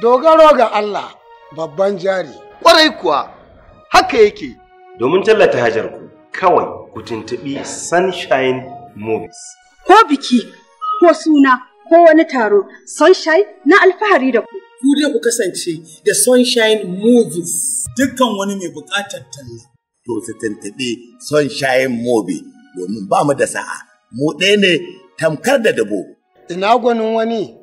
dogaro ga Allah babban jari. Kwarai kuwa haka yake. Domin tallata ku, kawai ku tuntuɓi Sunshine Movies. Ko biki, ko suna, ko wani taro, Sunshine na alfahari da ku. Ku dai ku kasance da Sunshine Movies. Dukkan wani mai buƙatar talla. To su tuntuɓi Sunshine Movie domin ba mu da sa'a. Mu ɗaya ne tamkar da dabo. Ina gwanin wani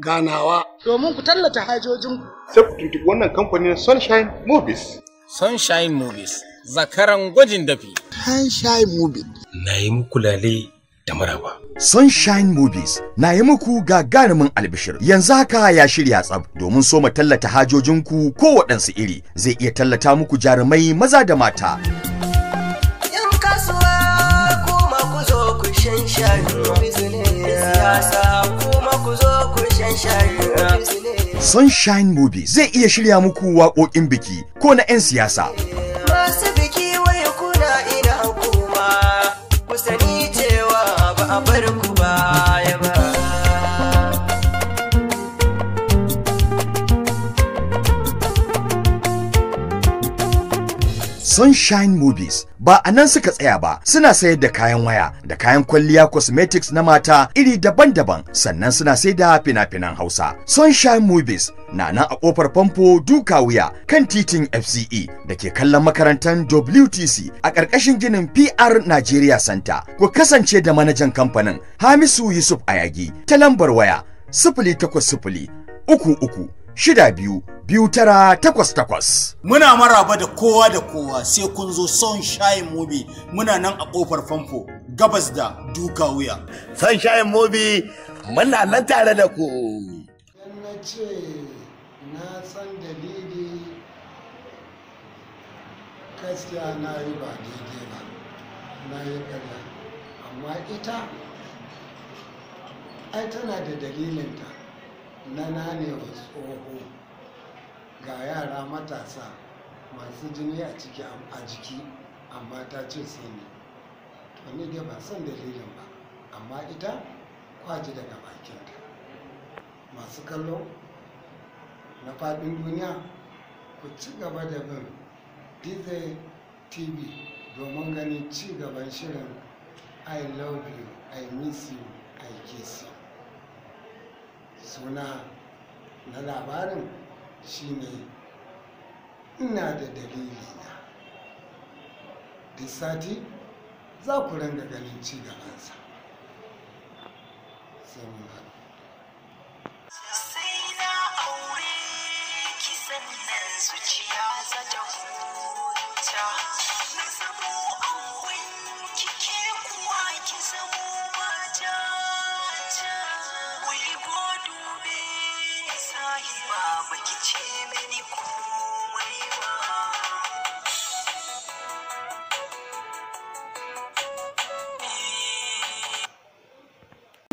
ganawa domin ku tallata hajojinku. Sai ku tuntuɓi wannan kamfanin Sunshine Movies. Sunshine Movies, zakaran gwajin dafi. Sunshine Movies. Na yi muku lale da maraba. Sunshine Movies na yi muku gagarumin albishir. Yanzu haka ya shirya tsab domin so mu tallata hajojinku ko waɗansu iri zai iya tallata muku jarumai maza da mata. Sunshine Movie zai iya shirya muku waƙoƙin biki ko na 'yan siyasa. Sunshine Movies ba a nan suka tsaya ba suna sayar da kayan waya da kayan kwalliya cosmetics na mata iri daban-daban sannan suna sayar da fina-finan Hausa. Sunshine Movies na nan a kofar famfo duka wuya kan titin FCE da ke kallon makarantar WTC a ƙarƙashin ginin PR Nigeria Center. Ku kasance da manajan kamfanin Hamisu Yusuf Ayagi ta lambar waya sifili takwas sifili uku uku shida biyu biyu tara takwas takwas. Muna maraba da kowa da kowa sai kun zo son shayin mobi muna nan a kofar famfo gabas da duka wuya. Son shayin mobi muna nan tare da ku. na ce na san dalili gaskiya na yi ba daidai ba na yi amma ita ai tana da dalilinta. na nane nanewa tsoho ga yara matasa masu jini a jiki amma ta ce sai ne wani dai ba san dalilin ba amma ita kwaji daga bakinta masu kallo na faɗin duniya ku ci gaba da bin dize tv domin ganin ci gaban shirin i love you i miss you i kiss you suna na labarin shine ina da dalili na duk sati za ku ranga ganin ci gabansa sai sai na aure kisan nan zuci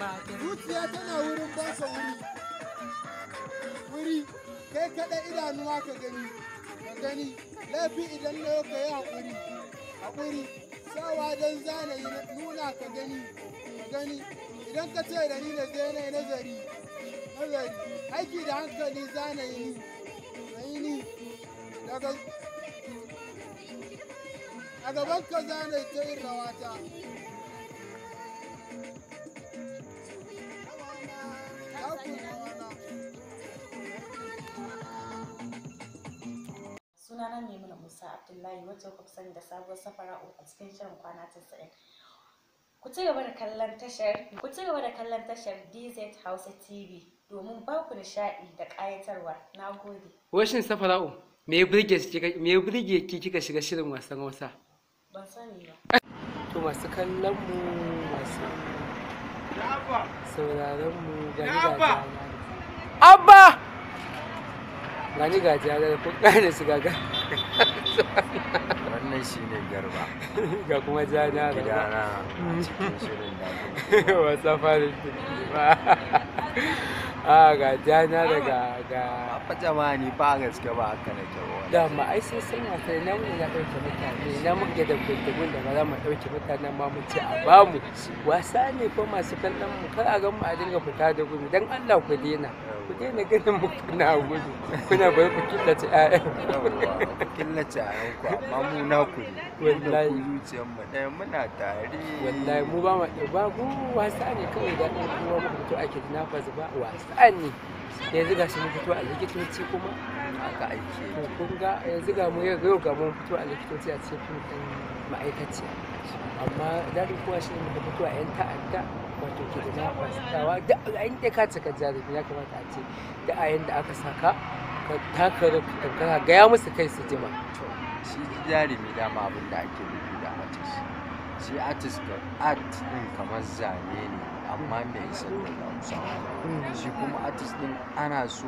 zuciya tana wurin basa wuri wuri kai kaɗa idanuwa ka gani ka gani laifi idan na yau ka yi haƙuri haƙuri sawa don zana nuna ka gani ka gani idan ka ce da ni na je na nazari nazari aiki da hankali zana yi ni ni daga a gaban ka zana ta yin rawata Musa Abdullahi wato kuka sani da sabuwar safara'u a cikin shirin kwana 90. Ku ci gaba da kallon tashar ku ci gaba da kallon tashar DZ Hausa TV domin ba ku nishaɗi da ƙayatarwa. Na gode. Washin safara'u me ya burge ki kika shiga shirin wasan Hausa? Ban sani ba. To masu kallon mu masu sauraron mu gani ga jama'a. Abba! gani ga jihar da kuka da su gaga wannan shi ne garba ga kuma jana da gidana a mm. cikin shirin da wasa farin ba a ga jana da ga ba jama'a ni ba gaske ba haka na kyau da ma ai sai sun wasa na mu ya dauke mutane na muke da kuntugun da ba za mu dauke mutanen ma mu ce a ba mu, wasa ne ko masu kallon mu kar a ga mu a dinga fita da gudu dan Allah ku dena ku dena ganin mu kuna gudu kuna bai ku killace ƴaƴan killace a yanku amma mu na ku ne da ku zuciyar mu ɗaya muna tare wallahi mu ba ba mu wasa ne kawai da ɗan kuma fito ba wasa ne yanzu ga shi fito a likitoci kuma kun ga yanzu ga mu yau ga fito a likitoci a cikin ma'aikaciya amma daɗin shi ne muka fito a 'yan ta'adda wato ke na da inda ka cika jarumi ya kamata a ce da a yanda aka saka taka kankana, gaya musu kai su jima shi jarumi dama abin da ake nufi da artist shi artist ga art din kamar zane ne amma mai salo da hausawa hmm. shi kuma artist din ana so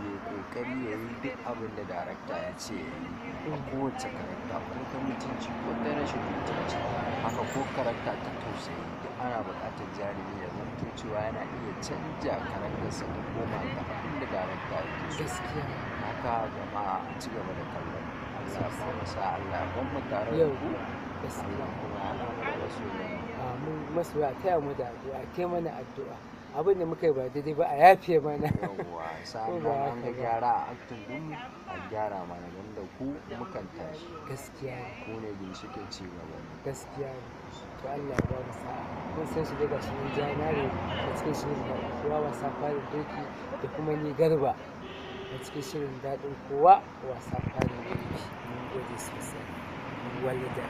Mai kokari ya yi duk abin da darakta ya ce ya yi a kowace karakta ko ta mutunci ko ta rashin mutunci haka ko karakta ta tausayi duk ana buƙatar jarumi ya zanto cewa yana iya canja karaktarsa ta koma abin da darakta ya so gaskiya haka gama a ci gaba da kallon Allah ba mu sa Allah ban mu tare da ku gaskiya kuma ya mu da masoya amin masoya yi mu da addu'a kai mana addu'a abin da muka yi ba daidai ba a yafe mana yawwa sa'an an gyara a aktin din a gyara mana don da ku mukan tashi gaskiya ku ne ginshikin ci gaba gaskiya to Allah ya ba mu sa'a kun san shi daga shi janare a cikin shirin da kowa wasa farin doki da kuma ni garba a cikin shirin daɗin kowa wasa farin doki mun gode sosai walida